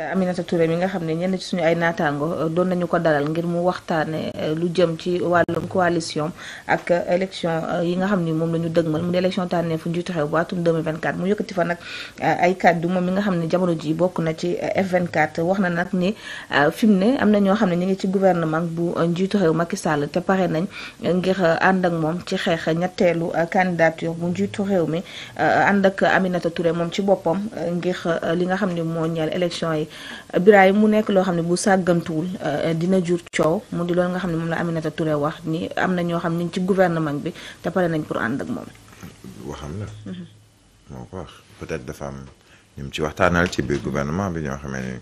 Aminata Touré mi nga xam ne ñenn ci suñu ay naataango euh, doon nañu ko dalal ngir mu waxtaane euh, lu jëm ci wàllum coalition ak euh, élection yi nga xam ni moom la ñu dëgmal mu di élection tànneefu njiitu xew bu atum 2024 mu yëkkati fa nag ay kàddu mi nga xam ne jamono ji bokk na ci F24 wax na nag ni fi mu ne am na ñoo xam ne ñu ngi ci gouvernement bu njiitu xew Macky Sall te pare nañ ngir ànd ak moom ci xeex ñetteelu candidature bu njiitu réew mi ànd ak Aminata Touré moom ci boppam ngir li nga xam ne moo ñeel élection mooy Birahim mu nekk loo xam ne bu sàggantuwul euh, dina jur coow mu di loolu nga xam ne moom la a Touré wax ni am na ñoo xam ne ci gouvernement bi te pare nañ pour ànd ak moom. waxam la. Mhm. moo ko wax peut-être dafa am ñu ci waxtaanal ci biir gouvernement bi ñoo xamee ni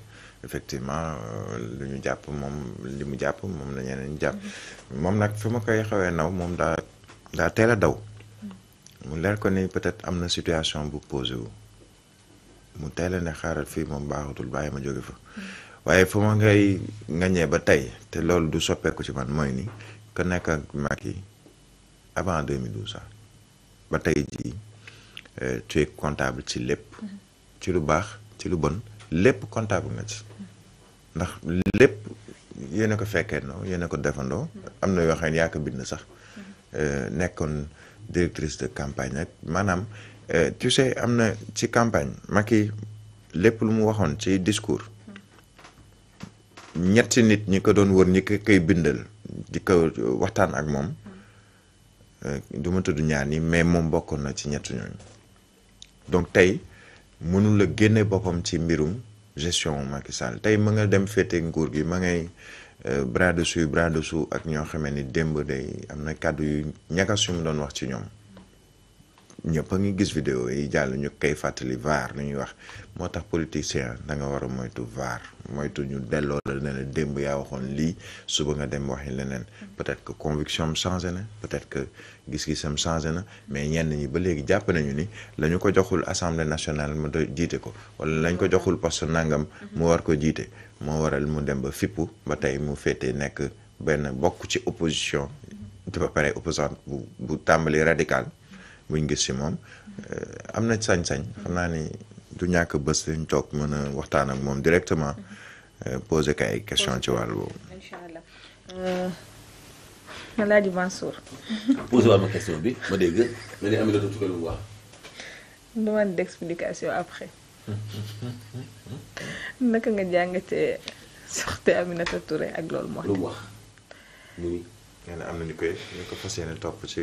effectivement euh, lu ñu jàpp moom li mu jàpp moom la ñeneen jàpp mhm. moom nag fi ma koy xawee naw moom daa daa teel a daw. Mhm. mu leer ko ni peut-être am na situation bu posé wu mu teel a ne xaaral fii moom baaxatul bàyyi ma jóge fa waaye fu ma ngay ngañee ba tey te loolu du soppeeku ci man mooy ni ku nekk ak yi avant 2012 sax ba tey jii euh, tu es comptable ci lépp ci lu baax ci lu bon lépp comptable nga ci ndax lépp yéen a ko fekkee noo yéen ko defandoo am na yoo xam ne yaa ko bind sax euh, nekkoon directrice de campagne ak maanaam Euh, tu sais am na ci campagne Macky lépp lu mu waxoon ci discours ñetti nit ñi ko doon wër ñi ko koy bindal di ko waxtaan ak moom euh, du ma tudd ñaar ni mais moom bokkoon na ci ñetti ñooñu donc tey mënul génne boppam ci mbirum gestion Macky Sall tey ma nga dem féete nguur gi ma ngay euh, bras dessous bras dessous ak ñoo xamee ni démb day am na kàddu yu ñagas yu mu doon wax ci ñoom ñëpp a ngi gis vidéo yi jàll ñu koy fàttali vaar lu ñuy wax moo tax politicien da nga war a moytu vaar moytu ñu delloo la ne la démb yaa waxoon lii suba nga dem waxi leneen peut-être que conviction am changé na peut-être que gis-gisam changé na mais ñenn ñi ba léegi jàpp nañu ni la ñu ko joxul assemblée nationale mu doy jiite ko wala lañ ko joxul poste nangam mu war ko jiite moo waral mu dem ba fippu ba tey mu féetee nekk benn bokk ci opposition di ba pare opposant bu bu tàmbali radical buñ gis si moom euh, am na sañ-sañ xam naa ni du ñàkk bés ñu toog mën a waxtaan ak moom directement euh, poser ko ay question ci wàll boobu. incha allah euh, Alaaji Mansour. posé ma question bi ma dégg nga ne Aminata Touré lu wax. demande nga jàngatee soxte Aminata ak loolu moo. lu wax. muy. nga ne am na ñu koy ñu ko fas yéene topp ci.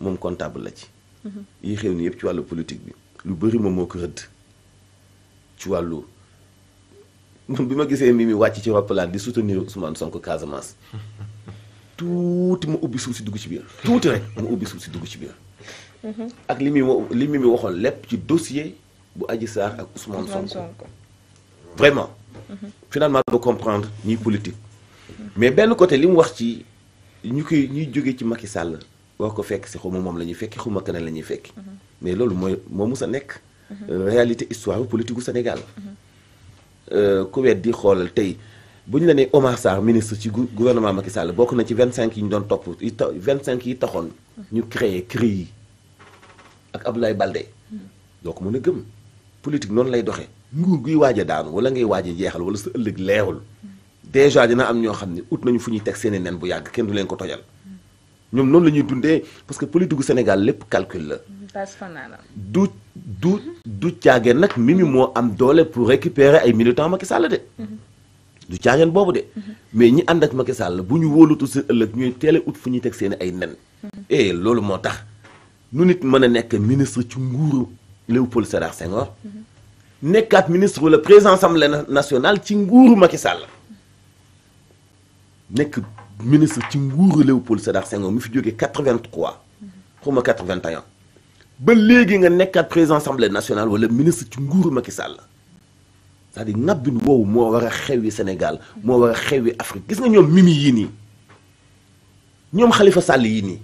moom comptable la ci. yi xew ni yëpp ci wàllu politique bi lu bëri moom moo ko rëdd ci wàllu man bi ma gisee mi mi wàcc ci roppalaan di soutenir Ousmane Sonko Casamance tuuti ma ubbi suuf si dugg ci biir tuuti rek ma ubbi suuf si dugg ci biir. ak li mi li mi waxoon lépp ci dossier bu Adji Sarr ak Ousmane Sonko vraiment. finalement ba comprendre ñuy politique. mais benn côté li mu wax ci ñu koy ñuy jógee ci Macky Sall. boo ko fekk si xuma moom la ñuy fekki xuma keneen la ñuy fekki. Mhm. mais loolu mooy moo mus a nekk. Mhm. Euh, réalité histoire politique gu Sénégal. Mhm. Euh, ku wet di xoolal tey bu ñu la nee Omar Sarr ministre ci gouvernement Macky Sall bokk na ci 25 yi ñu doon topp yi ta 25 yi taxoon. ñu créé CREI yi ak Abdoulaye Balde. doo ko mën a gëm politique noonu lay doxee nguur guy waaj a daanu wala ngay waaj a jeexal wala sa ëllëg leerul. déjà dina am ñoo xam ne ut nañu fu ñu teg seeni nen bu yàgg kenn du leen ko tojal. ñom non lañuy ñuy parce que politique gu Sénégal lépp calcul la. du du du caageen nak Mimi mo am doole pour récupérer ay militants Macky Sall dé du caageen bobu dé mais ñi ànd ak Macky Sall bu ñu wóolutu seen ëllëg ñuy teel a ut fu ñuy teg seen ay nen. eh loolu motax nu nit mëna nek ministre ci nguuru Léopold Sédar Senghor. nekkaat ministre le président assemblée nationale ci nguuru Macky Sall nek ministre ci nguuru Léopold Sédar Senghor mi fi jógee 83 xaw 81 ba léegi nga nekkaat président assemblée nationale wala ministre ci nguuru Macky Sall c'est-à-dire nabbin woowu mo wara a Sénégal mo wara a Afrique gis nga ñom Mimi yii Ni ñoom Khalifa Sall yi ni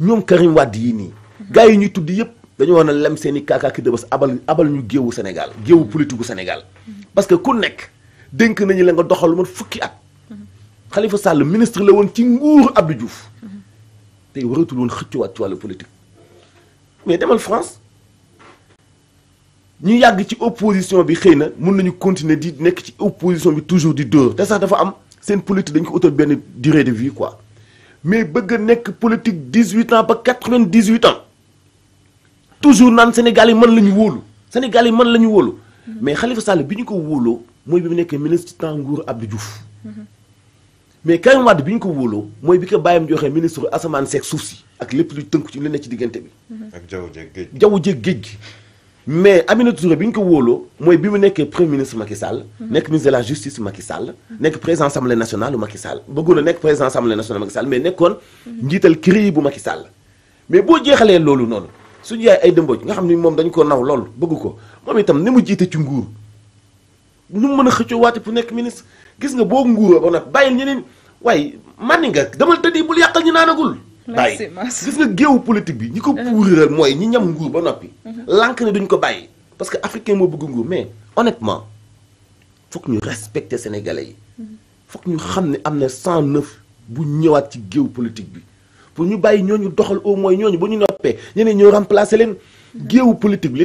ñom Karim wad yi ni gaay ñu ñuy yépp dañu dañoo lem seen kaka ki dëbës abal abal ñu géewu Sénégal géewu politique gu Sénégal parce que ku nekk dénk nañu la nga doxal man fukki at Khalifa Sall ministre la woon ci ngour Abdou Diouf tay waratul woon xëccuwaat ci wàllu politique mais demal France ñu yag ci opposition bi xeyna na nañu continuer di nekk ci opposition bi toujours di deux té sax dafa am sen politique dañ ko utal ben durée de vie quoi mais bëgg a nekk politique 18 ans ba 98 ans toujours naan Sénégal yi mën la ñu wóolu Sénégal yi mën la ñu mais Khalifa Sall bi ko wóoloo moy bi mu ministre ci temps nguuru Abdou Diouf mais Karim Wade bi ñu ko wóoloo mooy bi ko bàyyam joxee ministre asamaan seeg suuf si ak lépp lu tënku ci lu ne ci diggante bi. ak jaww jeeg géej gi jaww jeeg géej gi. mais Aminata Touré bi ñu ko wóoloo mooy bi mu nekkee premier ministre Macky sàll mhm. nekk ministre de la justice Macky Sall. nekk président assemblée nationale Macky Sall bëggoon a nekk président assemblée nationale Macky Sall mais nekkoon mhm. njiital CREI bu Macky Sall. mais boo jeexalee loolu noonu suñu yaay ay dëmbooj nga xam ni moom dañu ko naw loolu bëgg ko moom itam ni mu jiite ci nguur. nu mën a xëccoo ministre gis nga boo nguuroo ba nag bàyyil ñeneen demal tëddi bul ñu gis nga politique bi ñi ko euh. ñi ñam nguur ba noppi. Mhm. lànk ne duñ ko bàyyi parce que africain moo bëgg nguur mais honnêtement fokk ñu respecter sénégalais yi. Mhm. Faut ñu nous ne na 109 bu ñëwaat ci politique bi pour ñu bàyyi ñooñu doxal au moins ñooñu sommes ñu ñeneen remplacer mhm. politique li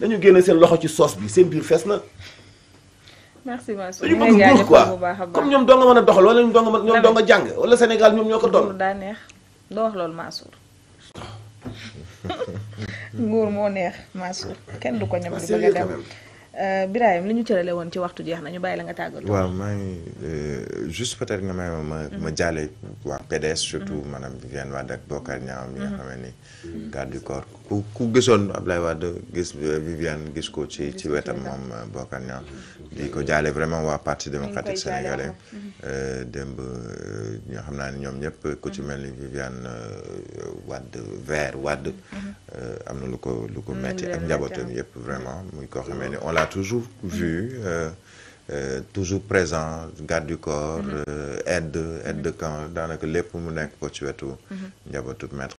dañu génne seen loxo ci soos bi seen biir fees na. merci Mansour dañu bëgg nguur quoi comme ñoom doo nga mën a doxal wala ñoom doo nga mën ñoom doo nga jàng wala Sénégal ñoom ñoo ko doon. daa neex doo wax loolu Mansour. nguur moo neex Mansour kenn du ko ñam di ah, bëgg a dem. Euh, Birahim li ñu cërale woon ci waxtu jeex nañu bàyyi la nga tàggatoo. waaw maa ngi euh, juste nga may ma ma mhm. jàlle waa PDS surtout mhm. maanaam Viviane Wade ak Bokar Niang bi mhm. ni. garde du corps ku ku gisoon Ablaye Wade gis euh, gis ko ci ci wetam moom di ko jàlle vraiment waa parti démocratique sénégalais. démb ñoo xam naa ne ñoom ñëpp ku ci mel ni Viviane Wade vert Wade. Euh, am na lu ko lu ko metti ak njabootam yëpp vraiment mm. muy koo xamee ne mm. on l'a toujours mm. vu euh, euh, toujours présent garde du corps mm-hmm. euh, aide aide mm-hmm. de camp daanaka lépp mu nekk ko ci wetu mm-hmm. njabootu maître